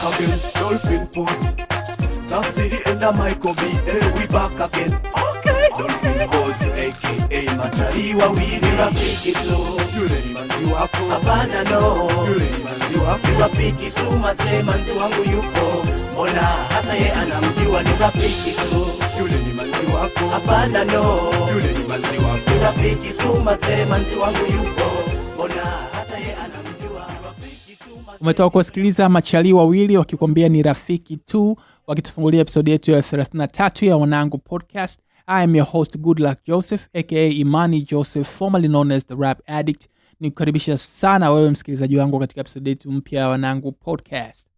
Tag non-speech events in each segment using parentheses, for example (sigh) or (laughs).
back again. Dolphin pose. see the end of my B. Hey, we back again. Okay. Dolphin pose, aka we it wili rafiki tu. man, you are cool. Abana, no. you You man, are cool. Yule ni manzi wako. Ni rafiki tu, mazee manzi wangu yuko. Mbona hata ye anamjua ni rafiki tu. Yule ni manzi wako. Hapana no. Yule ni manzi wako. Ni rafiki tu, mazee manzi wangu yuko. Umetoka kuwasikiliza machalii wawili wakikwambia ni rafiki tu, wakitufungulia episodi yetu ya 33 ya Wanangu Podcast. I am your host Goodluck Joseph aka Imani Joseph, known as the Rap Addict. Ni kukaribisha sana wewe msikilizaji wangu katika episodi yetu mpya ya Wanangu Podcast.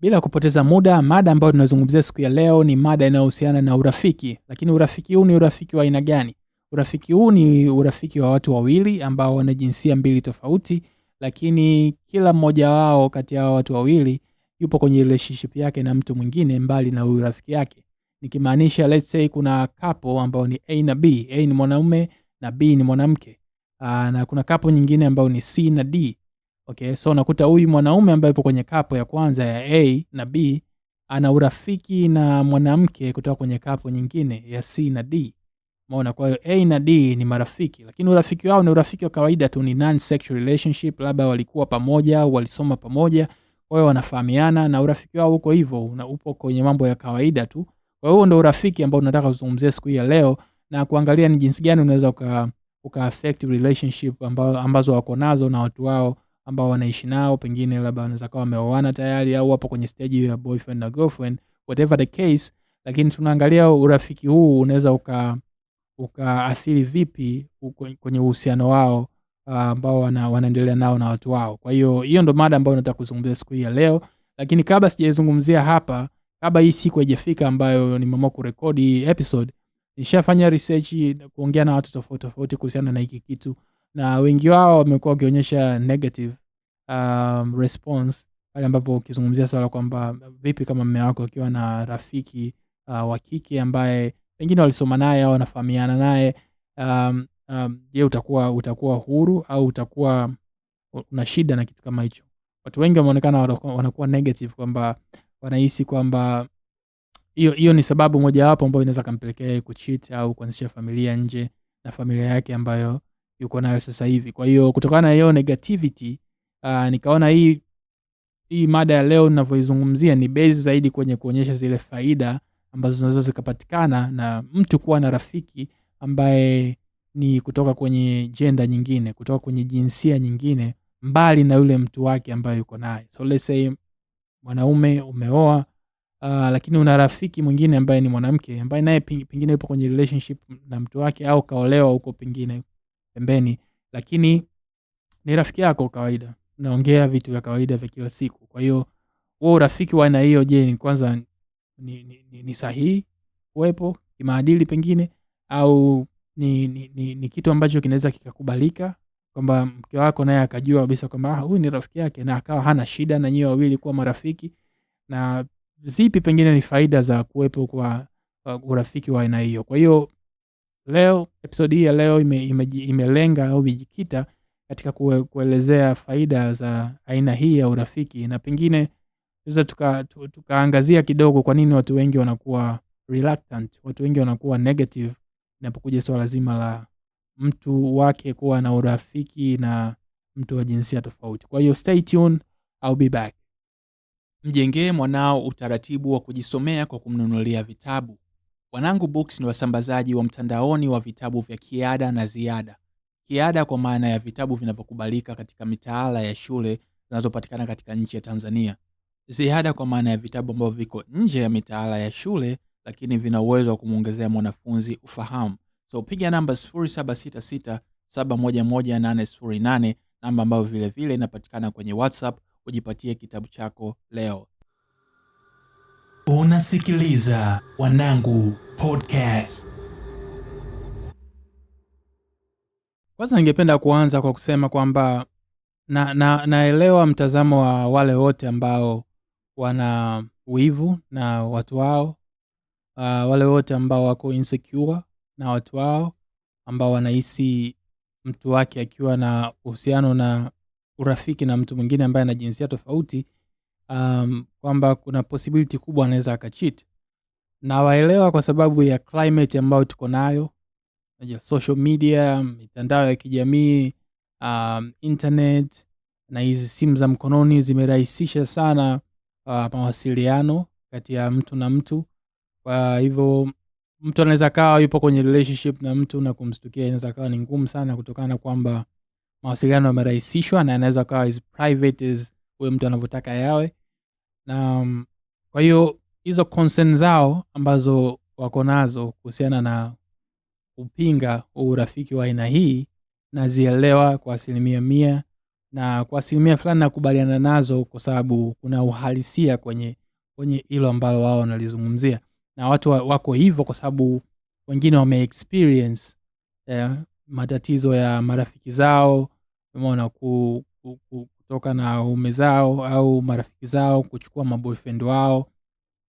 Bila kupoteza muda, mada ambayo tunazungumzia siku ya leo ni mada inayohusiana na urafiki. Lakini urafiki huu ni urafiki wa aina gani? Urafiki huu ni urafiki wa watu wawili ambao wana jinsia mbili tofauti lakini kila mmoja wao kati ya watu wawili yupo kwenye relationship yake na mtu mwingine mbali na huyu rafiki yake, nikimaanisha let's say kuna kapo ambao ni A na B. A ni mwanaume na B ni mwanamke. Aa, ah, na kuna kapo nyingine ambao ni C na D. Okay, so unakuta huyu mwanaume ambaye yupo kwenye kapo ya kwanza ya A na B ana urafiki na mwanamke kutoka kwenye kapo nyingine ya C na D maona kwa hiyo A na D ni marafiki, lakini urafiki wao ni urafiki wa kawaida tu, ni non sexual relationship, labda walikuwa pamoja walisoma pamoja, kwa hiyo wanafahamiana na urafiki wao uko hivyo, na upo kwenye mambo ya kawaida tu. Kwa hiyo ndio urafiki ambao tunataka kuzungumzia siku hii ya leo na kuangalia ni jinsi gani unaweza uka, uka affect relationship amba, ambazo wako nazo na watu wao ambao wanaishi nao, pengine labda wanaweza kuwa wameoana tayari au wapo kwenye stage ya boyfriend na girlfriend, whatever the case, lakini tunaangalia urafiki huu unaweza uka ukaathiri vipi kwenye uhusiano wao ah, ambao uh, wana, wanaendelea nao na watu wao. Kwa hiyo hiyo ndo mada ambayo nataka kuzungumzia siku hii ya leo, lakini kabla sijaizungumzia hapa, kabla hii siku haijafika ambayo nimeamua kurekodi episode, nishafanya research kuongea na watu tofauti tofauti kuhusiana na hiki kitu, na wengi wao wamekuwa wakionyesha negative um, response pale ambapo ukizungumzia swala kwamba vipi kama mme wako akiwa na rafiki uh, wa kike ambaye pengine walisoma naye au wanafahamiana naye um, um, je, utakuwa utakuwa huru au utakuwa una shida na kitu kama hicho? Watu wengi wameonekana wanakuwa negative kwamba wanahisi kwamba hiyo hiyo ni sababu mojawapo ambayo inaweza kampelekea kuchit au kuanzisha familia nje na familia yake ambayo yuko nayo sasa hivi. Kwa hiyo kutokana na hiyo negativity uh, nikaona hii hii mada ya leo ninavyoizungumzia ni base zaidi kwenye kuonyesha zile faida ambazo zinaweza zikapatikana na mtu kuwa na rafiki ambaye ni kutoka kwenye jenda nyingine, kutoka kwenye jinsia nyingine, mbali na yule mtu wake ambaye yuko naye. So let's say mwanaume umeoa, uh, lakini una rafiki mwingine ambaye ni mwanamke ambaye naye pengine yupo kwenye relationship na mtu wake au kaolewa huko pengine pembeni, lakini ni rafiki yako kawaida, naongea vitu vya kawaida vya kila siku. Kwa hiyo wewe urafiki wa aina hiyo, je, ni kwanza ni, ni, ni, ni sahihi kuwepo kimaadili pengine au ni, ni, ni, ni kitu ambacho kinaweza kikakubalika kwamba mke wako naye akajua kabisa kwamba ah, huyu ni rafiki yake na akawa hana shida na nyiwe wawili kuwa marafiki. Na zipi pengine ni faida za kuwepo kwa urafiki wa aina hiyo? Kwa hiyo leo episodi hii ya leo imelenga ime, ime au imejikita katika kuelezea faida za aina hii ya urafiki na pengine tunaweza tuka, kidogo kwa nini watu wengi wanakuwa reluctant, watu wengi wanakuwa negative inapokuja swala zima la mtu wake kuwa na urafiki na mtu wa jinsia tofauti. Kwa hiyo stay tuned, I'll be back. Mjengee mwanao utaratibu wa kujisomea kwa kumnunulia vitabu. Wanangu Books ni wasambazaji wa mtandaoni wa vitabu vya kiada na ziada. Kiada kwa maana ya vitabu vinavyokubalika katika mitaala ya shule zinazopatikana katika nchi ya Tanzania ziada kwa maana ya vitabu ambavyo viko nje ya mitaala ya shule lakini vina uwezo wa kumwongezea mwanafunzi ufahamu. So piga namba 0766711808 namba ambayo vilevile inapatikana kwenye WhatsApp ujipatie kitabu chako leo. Unasikiliza Wanangu Podcast. Kwanza ningependa kuanza kwa kusema kwamba na, na, naelewa mtazamo wa wale wote ambao wana wivu na watu wao, uh, wale wote ambao wako insecure na watu wao ambao wanahisi mtu wake akiwa na uhusiano na urafiki na mtu mwingine ambaye ana jinsia tofauti um, kwamba kuna possibility kubwa anaweza akachit na waelewa kwa sababu ya climate ambayo tuko nayo, social media, mitandao ya kijamii um, internet na hizi simu za mkononi zimerahisisha sana uh, mawasiliano kati ya mtu na mtu. Kwa hivyo mtu anaweza kawa yupo kwenye relationship na mtu na kumstukia inaweza kawa ni ngumu sana, kutokana kwamba mawasiliano yamerahisishwa na anaweza kawa is private as huyo mtu anavyotaka yawe na mm, kwa hiyo hizo concern zao ambazo wako nazo kuhusiana na kupinga urafiki wa aina hii nazielewa kwa asilimia mia na kwa asilimia fulani nakubaliana nazo, kwa sababu kuna uhalisia kwenye kwenye hilo ambalo wao wanalizungumzia, na watu wako hivyo kwa sababu wengine wame experience eh, matatizo ya marafiki zao, umeona ku, ku, ku, kutoka na ume zao au marafiki zao kuchukua maboyfriend wao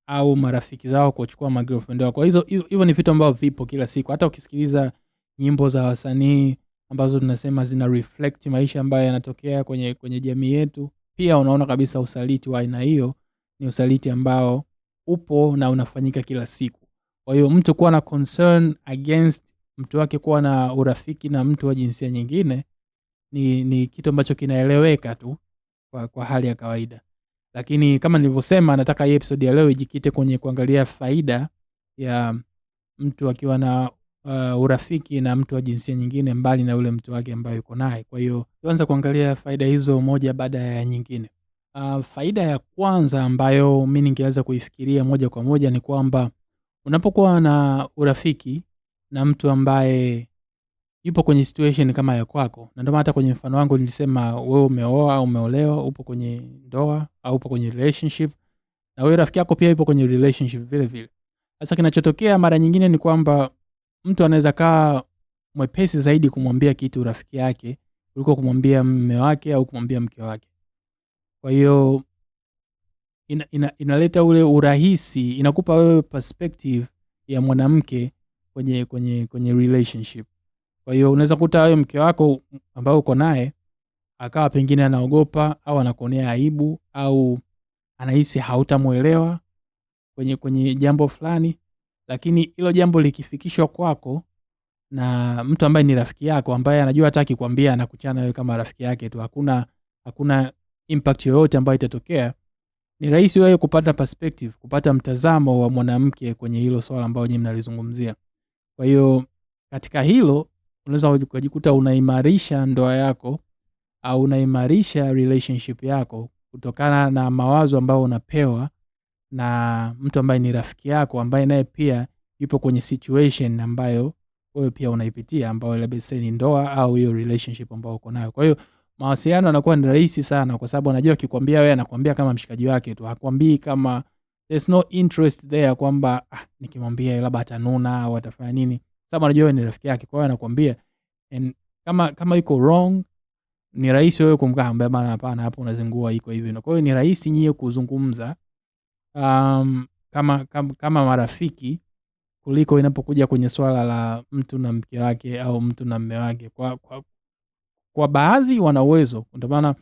au marafiki zao kuchukua magirlfriend wao. Kwa hizo hivyo ni vitu ambavyo vipo kila siku. Hata ukisikiliza nyimbo za wasanii ambazo tunasema zina reflect maisha ambayo yanatokea kwenye, kwenye jamii yetu. Pia unaona kabisa usaliti wa aina hiyo ni usaliti ambao upo na unafanyika kila siku. Kwa hiyo mtu kuwa na concern against mtu wake kuwa na urafiki na mtu wa jinsia nyingine ni, ni kitu ambacho kinaeleweka tu kwa, kwa hali ya kawaida, lakini kama nilivyosema, nataka hii episode ya leo ijikite kwenye kuangalia faida ya mtu akiwa na uh, urafiki na mtu wa jinsia nyingine mbali na yule mtu wake ambaye yuko naye. Kwa hiyo tuanze kuangalia faida hizo moja baada ya nyingine. Uh, faida ya kwanza ambayo mi ningeweza kuifikiria moja kwa moja ni kwamba unapokuwa na urafiki na mtu ambaye yupo kwenye situation kama ya kwako, na ndio maana hata kwenye mfano wangu nilisema wewe umeoa umeolewa, upo kwenye ndoa au upo kwenye relationship, na wewe rafiki yako pia yupo kwenye relationship vile vile. Sasa kinachotokea mara nyingine ni kwamba mtu anaweza kaa mwepesi zaidi kumwambia kitu rafiki yake kuliko kumwambia mme wake au kumwambia mke wake. Kwa hiyo ina, ina, inaleta ule urahisi, inakupa wewe perspective ya mwanamke kwenye kwenye kwenye relationship. Kwa hiyo unaweza kuta wewe mke wako ambao uko naye akawa pengine anaogopa au anakuonea aibu au anahisi hautamwelewa kwenye kwenye jambo fulani, lakini hilo jambo likifikishwa kwako na mtu ambaye ni rafiki yako ambaye anajua hata akikwambia anakuchana wewe kama rafiki yake tu, hakuna hakuna impact yoyote ambayo itatokea. Ni rahisi wewe kupata perspective, kupata mtazamo wa mwanamke kwenye hilo swala ambalo nyinyi mnalizungumzia. Kwa hiyo katika hilo unaweza ukajikuta unaimarisha ndoa yako au unaimarisha relationship yako kutokana na mawazo ambayo unapewa na mtu ambaye ni rafiki yako ambaye naye pia yupo kwenye situation ambayo wewe pia unaipitia, ambayo labda sasa ni ndoa au hiyo relationship ambayo uko nayo. Kwa hiyo mawasiliano yanakuwa ni rahisi sana, kwa sababu anajua akikwambia wewe, anakwambia kama mshikaji wake tu, hakwambii kama there's no interest there kwamba ah, nikimwambia labda atanuna au atafanya nini, sababu anajua wewe ni rafiki yake. Kwa hiyo anakwambia and kama kama yuko wrong ni rahisi wewe kumkaa ambaye bana, hapana, hapo unazingua, iko hivyo. Kwa hiyo ni rahisi nyie kuzungumza um, kama, kama, kama marafiki kuliko inapokuja kwenye swala la mtu na mke wake au mtu na mme wake. Kwa, kwa, kwa baadhi wana uwezo, ndomaana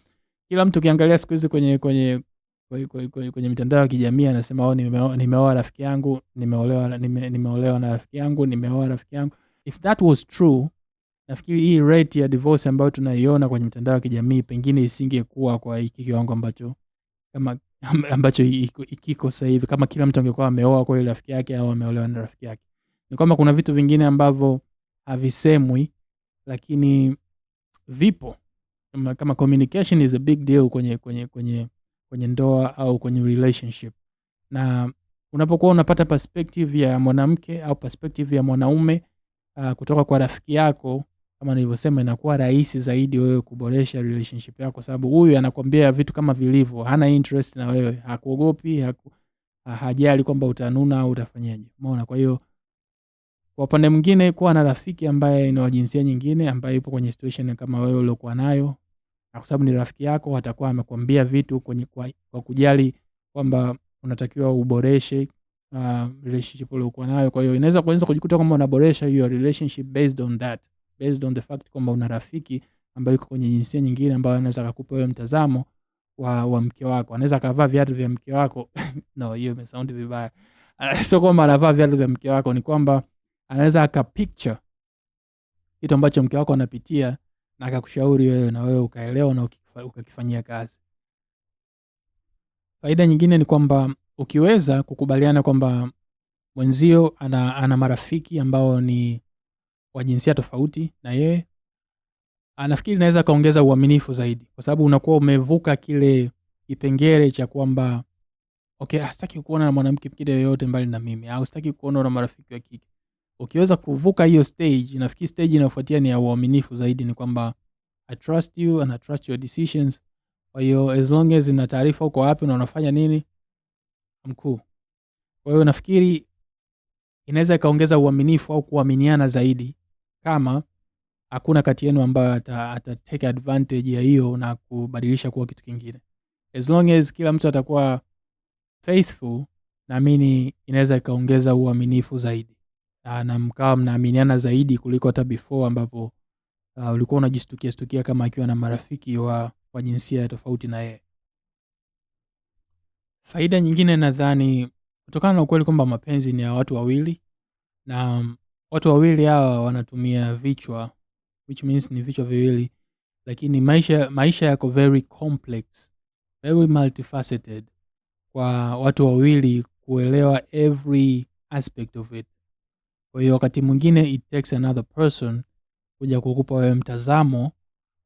kila mtu ukiangalia siku hizi kwenye, kwenye, kwenye, kwenye, kwenye mitandao ya kijamii anasema oh, o nimeoa rafiki yangu nimeolewa nime, nimeolewa na rafiki yangu nimeoa rafiki yangu. If that was true, nafikiri hii rate ya divorce ambayo tunaiona kwenye mitandao ya kijamii pengine isingekuwa kwa hiki kiwango ambacho kama, ambacho kiko sahivi kama kila mtu angekuwa ameoa kwa rafiki yake au ameolewa na rafiki yake. Ni kwamba kuna vitu vingine ambavyo havisemwi lakini vipo. Kama, kama communication is a big deal kwenye, kwenye, kwenye, kwenye ndoa au kwenye relationship, na unapokuwa unapata perspective ya mwanamke au perspective ya mwanaume uh, kutoka kwa rafiki yako kama nilivyosema, inakuwa rahisi zaidi wewe kuboresha relationship yako, sababu huyu anakwambia vitu kama vilivyo, hana interest na wewe, hakuogopi, haku, hajali kwamba utanuna au utafanyaje. Umeona? Kwa hiyo kwa upande mwingine, kuwa na rafiki ambaye ni wa jinsia nyingine ambaye yupo kwenye situation kama wewe uliokuwa nayo, na kwa sababu ni rafiki yako, atakuwa amekwambia vitu kwenye kwa, kwa kujali kwamba unatakiwa uboreshe uh, relationship uliokuwa nayo. Kwa hiyo inaweza kuanza kujikuta kwamba unaboresha hiyo relationship based on that based on the fact kwamba una rafiki ambaye yuko kwenye jinsia nyingine ambayo anaweza akakupa wewe mtazamo wa, wa mke wako, anaweza akavaa viatu vya mke wako (laughs) no, hiyo imesaundi vibaya. (laughs) Sio kwamba anavaa viatu vya mke wako, ni kwamba anaweza akapicture kitu ambacho mke wako anapitia na akakushauri wewe na wewe ukaelewa na ukakifanyia kazi. Faida nyingine ni kwamba ukiweza kukubaliana kwamba mwenzio ana, ana marafiki ambao ni wa jinsia tofauti na yeye, anafikiri naweza kaongeza uaminifu zaidi, kwa sababu unakuwa umevuka kile kipengele cha kwamba okay, sitaki kuona na mwanamke mwingine yoyote mbali na mimi, au sitaki kuona na marafiki wa kike. Ukiweza kuvuka hiyo stage, nafikiri stage inayofuatia ni ya uaminifu zaidi, ni kwamba I trust you and I trust your decisions. Kwa hiyo as long as ina taarifa uko wapi na unafanya nini, mkuu Kwa hiyo nafikiri inaweza ikaongeza uaminifu au kuaminiana zaidi kama hakuna kati yenu ambayo atateke ata advantage ya hiyo na kubadilisha kuwa kitu kingine. As long as kila mtu atakuwa faithful, naamini inaweza ikaongeza uaminifu zaidi na, na mkawa mnaaminiana zaidi kuliko hata before ambapo uh, ulikuwa unajistukia stukia kama akiwa na marafiki wa, wa jinsia tofauti na yeye. Faida nyingine nadhani kutokana na ukweli kwamba mapenzi ni ya watu wawili na um, watu wawili hawa wanatumia vichwa which means ni vichwa viwili lakini maisha maisha yako very complex very multifaceted kwa watu wawili kuelewa every aspect of it kwa hiyo wakati mwingine it takes another person kuja kukupa wewe mtazamo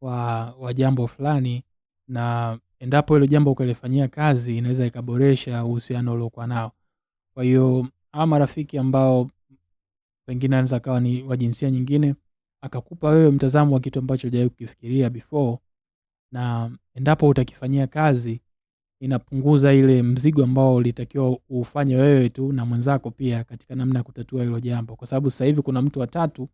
wa, wa jambo fulani na endapo hilo jambo ukalifanyia kazi inaweza ikaboresha uhusiano uliokuwa nao kwa hiyo hawa marafiki ambao pengine anaweza akawa ni wa jinsia nyingine, akakupa wewe mtazamo wa kitu ambacho hujawahi kukifikiria before, na endapo utakifanyia kazi inapunguza ile mzigo ambao ulitakiwa ufanye wewe tu na mwenzako pia katika namna ya kutatua hilo jambo, kwa sababu sasa hivi kuna mtu wa tatu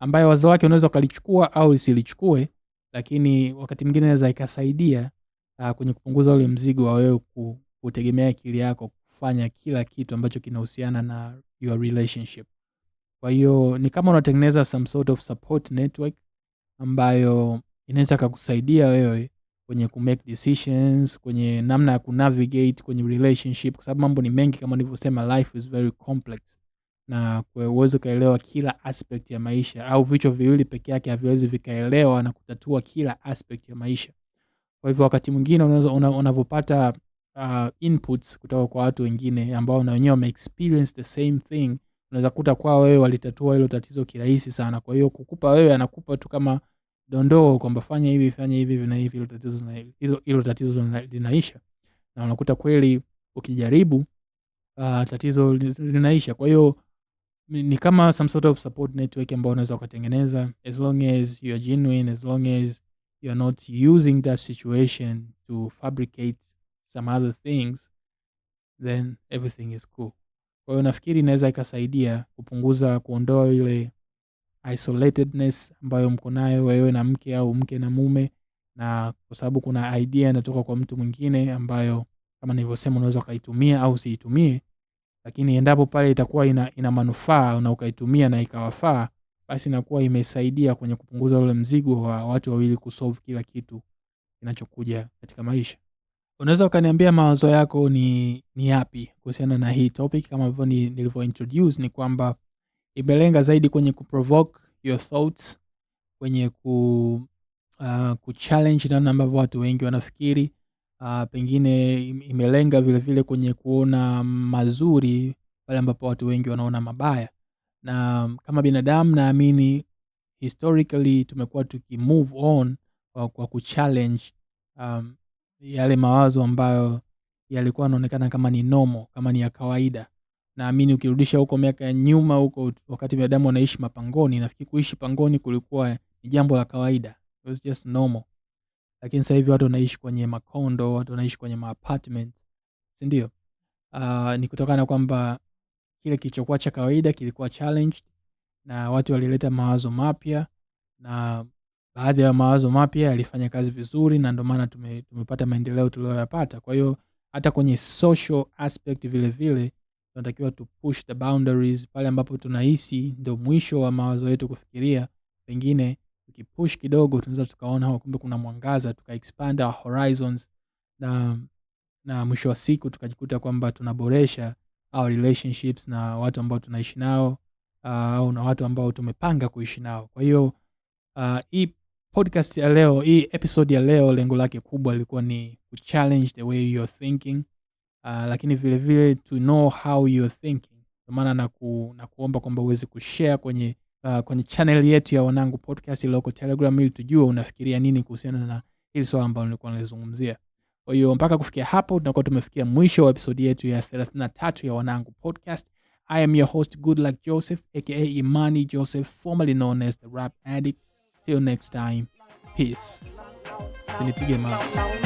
ambaye wazo lake unaweza ukalichukua au lisilichukue, lakini wakati mwingine inaweza ikasaidia ah, kwenye kupunguza ule mzigo wa wewe kutegemea akili yako kufanya kila kitu ambacho kinahusiana na your relationship. Kwa hiyo ni kama unatengeneza some sort of support network ambayo inaweza kakusaidia wewe kwenye ku make decisions, kwenye namna ya ku navigate kwenye relationship, kwa sababu mambo ni mengi kama nilivyosema, life is very complex na uwezi ukaelewa kila aspect ya maisha, au vichwa viwili peke yake haviwezi vikaelewa na kutatua kila aspect ya maisha. Kwa hivyo wakati mwingine unavyopata uh, inputs kutoka kwa watu wengine ambao na wenyewe wameexperience the same thing. Unaweza kuta kwa wewe walitatua hilo tatizo kirahisi sana, kwa hiyo kukupa wewe, anakupa tu kama dondoo kwamba fanya hivi fanya hivi na hivi, hilo tatizo na hilo hilo tatizo linaisha, na unakuta kweli ukijaribu uh, tatizo linaisha. Kwa hiyo ni kama some sort of support network ambayo unaweza ukatengeneza, as long as you are genuine, as long as you are not using that situation to fabricate some other things then everything is cool. Kwa hiyo nafikiri inaweza ikasaidia kupunguza, kuondoa ile isolatedness ambayo mko nayo wewe na mke au mke na mume, na kwa sababu kuna idea inatoka kwa mtu mwingine ambayo kama nilivyosema unaweza ukaitumia au usiitumie, lakini endapo pale itakuwa ina, ina manufaa na ukaitumia na ikawafaa, basi inakuwa imesaidia kwenye kupunguza ule mzigo wa watu wawili kusolve kila kitu kinachokuja katika maisha unaweza ukaniambia mawazo yako ni ni yapi kuhusiana na hii topic? Kama hivyo ni, nilivyo ni kwamba imelenga zaidi kwenye kuprovoke your thoughts, kwenye ku uh, kuchallenge namna ambavyo watu wengi wanafikiri uh, pengine imelenga vilevile vile kwenye kuona mazuri pale ambapo watu wengi wanaona mabaya, na kama binadamu naamini historically tumekuwa tukimove on kwa, kwa kuchallenge um, yale mawazo ambayo yalikuwa yanaonekana kama ni nomo, kama ni ya kawaida. Naamini ukirudisha huko miaka ya nyuma huko, wakati binadamu wanaishi mapangoni, nafikiri kuishi pangoni kulikuwa ni jambo la kawaida, it was just normal. Lakini sasa hivi watu wanaishi kwenye makondo, watu wanaishi kwenye maapartment, sindio Uh, ah, ni kutokana kwamba kile kilichokuwa cha kawaida kilikuwa challenged na watu walileta mawazo mapya na baadhi ya mawazo mapya yalifanya kazi vizuri, na ndio maana tume, tumepata maendeleo tuliyoyapata. Kwa hiyo hata kwenye social aspect vile vile tunatakiwa tu push the boundaries pale ambapo tunahisi ndio mwisho wa mawazo yetu kufikiria. Pengine tukipush kidogo, tunaweza tukaona kumbe kuna mwangaza, tuka expand our horizons, na na mwisho wa siku tukajikuta kwamba tunaboresha our relationships na watu ambao tunaishi nao ah, au uh, na watu ambao tumepanga kuishi nao. Kwa hiyo uh, hii podcast ya leo, hii episode ya leo, lengo lake kubwa lilikuwa ni kuchallenge challenge the way you're thinking uh, lakini vile vile to know how you're thinking. Kwa maana na, ku, na kuomba kwamba uweze kushare kwenye uh, kwenye channel yetu ya Wanangu Podcast iliyoko Telegram ili tujue unafikiria nini kuhusiana na hili swala ambalo nilikuwa nalizungumzia. Kwa hiyo mpaka kufikia hapo tunakuwa tumefikia mwisho wa episodi yetu ya 33 ya Wanangu Podcast. I am your host luck Joseph aka Imani Joseph formerly known as the Rap Addict. Till next time, peace. Usinipige mawe.